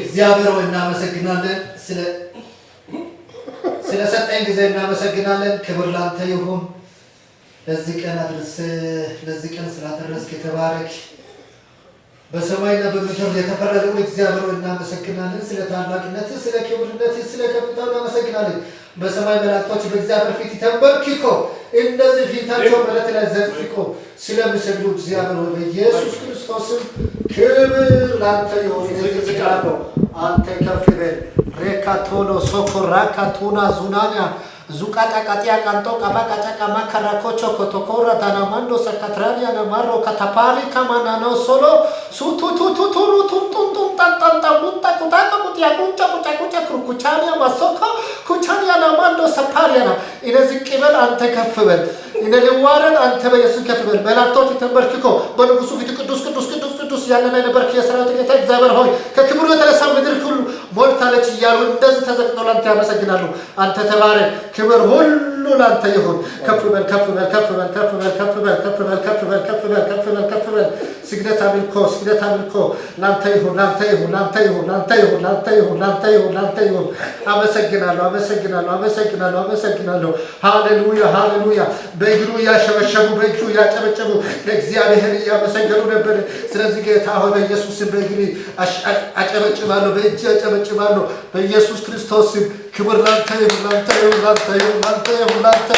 እግዚአብሔር ወይ ስለ ስለሰጠኝ ጊዜ እናመሰግናለን። ክብር ላንተ ይሁን። ለዚህ ቀን አድርስ ለዚህ ቀን ስላደረስክ የተባረክ። በሰማይና በምድር የተፈረደው እግዚአብሔር ወይ እናመሰግናለን። ስለ ታላቅነት፣ ስለ ክብርነት፣ ስለ ከፍታው እናመሰግናለን። በሰማይ መላእክቶች በእግዚአብሔር ፊት ተንበርክኮ እንደዚህ ፊታቸው መሬት ላይ ዘርግፈው ስለሚሰግዱ እግዚአብሔር ወይ በኢየሱስ ክርስቶስም ክብር ላንተ ይሁን። ዝቃለው አንተ ከፍ በል ሬካቶሎ ሶኮራ ካቱና ዙናኒያ ቃንጦ ቀባ ቀጫ ቀማ ከራኮቾ ኮቶኮራ ታናማንዶ ሰካትራኒያ ነማሮ ከታፓሪ ከማናኖ ሶሎ ሱቱቱቱቱሩ ቱምጡምጡም ጠንጠንጠ ሙንጠ ቁጣቀ ቁጥያ ቁንጨ ቁጫ ቁጫ ኩርኩቻኒያ ማሶኮ ኩቻኒያ ናማንዶ ሰፓሪያና ኢነ ዝቅ በል አንተ ከፍ በል ኢነ ልዋረን አንተ በኢየሱስ ከፍ በል በላቶች ተንበርክኮ በንጉሱ ፊት ቅዱስ ቅዱስ ያለማ የነበርክ የሰራዊት ጌታ እግዚአብሔር ሆይ ከክብሩ የተነሳ ምድር ሁሉ ሞልታለች እያሉ እንደዚህ ተዘግተው ላንተ ያመሰግናሉ። አንተ ተባረክ፣ ክብር ሁሉ ላንተ ይሁን። ከፍ በል ከፍ በል ከፍ በል ከፍ በል ከፍ በል ከፍ በል ከፍ በል ከፍ በል ከፍ በል ከፍ በል። ስግደት አምልኮ፣ ስግደት አምልኮ ላንተ ይሁን፣ ላንተ ይሁን፣ ላንተ ይሁን፣ ላንተ ይሁን፣ ላንተ ይሁን፣ ላንተ ይሁን፣ ላንተ ይሁን። አመሰግናለሁ፣ አመሰግናለሁ፣ አመሰግናለሁ፣ አመሰግናለሁ። ሃሌሉያ፣ ሃሌሉያ። በእግሩ እያሸበሸቡ በእጁ እያጨበጨቡ ለእግዚአብሔር እያመሰገኑ ነበር። ስለዚህ ጌታ ሆይ በኢየሱስን በእግሪ አጨበጭባለሁ፣ በእጅ አጨበጭ እጨበጭባለሁ። በኢየሱስ ክርስቶስ ስም ክብር ላንተ ይሁን፣ ላንተ ይሁን፣ ላንተ ይሁን፣ ላንተ ይሁን፣ ላንተ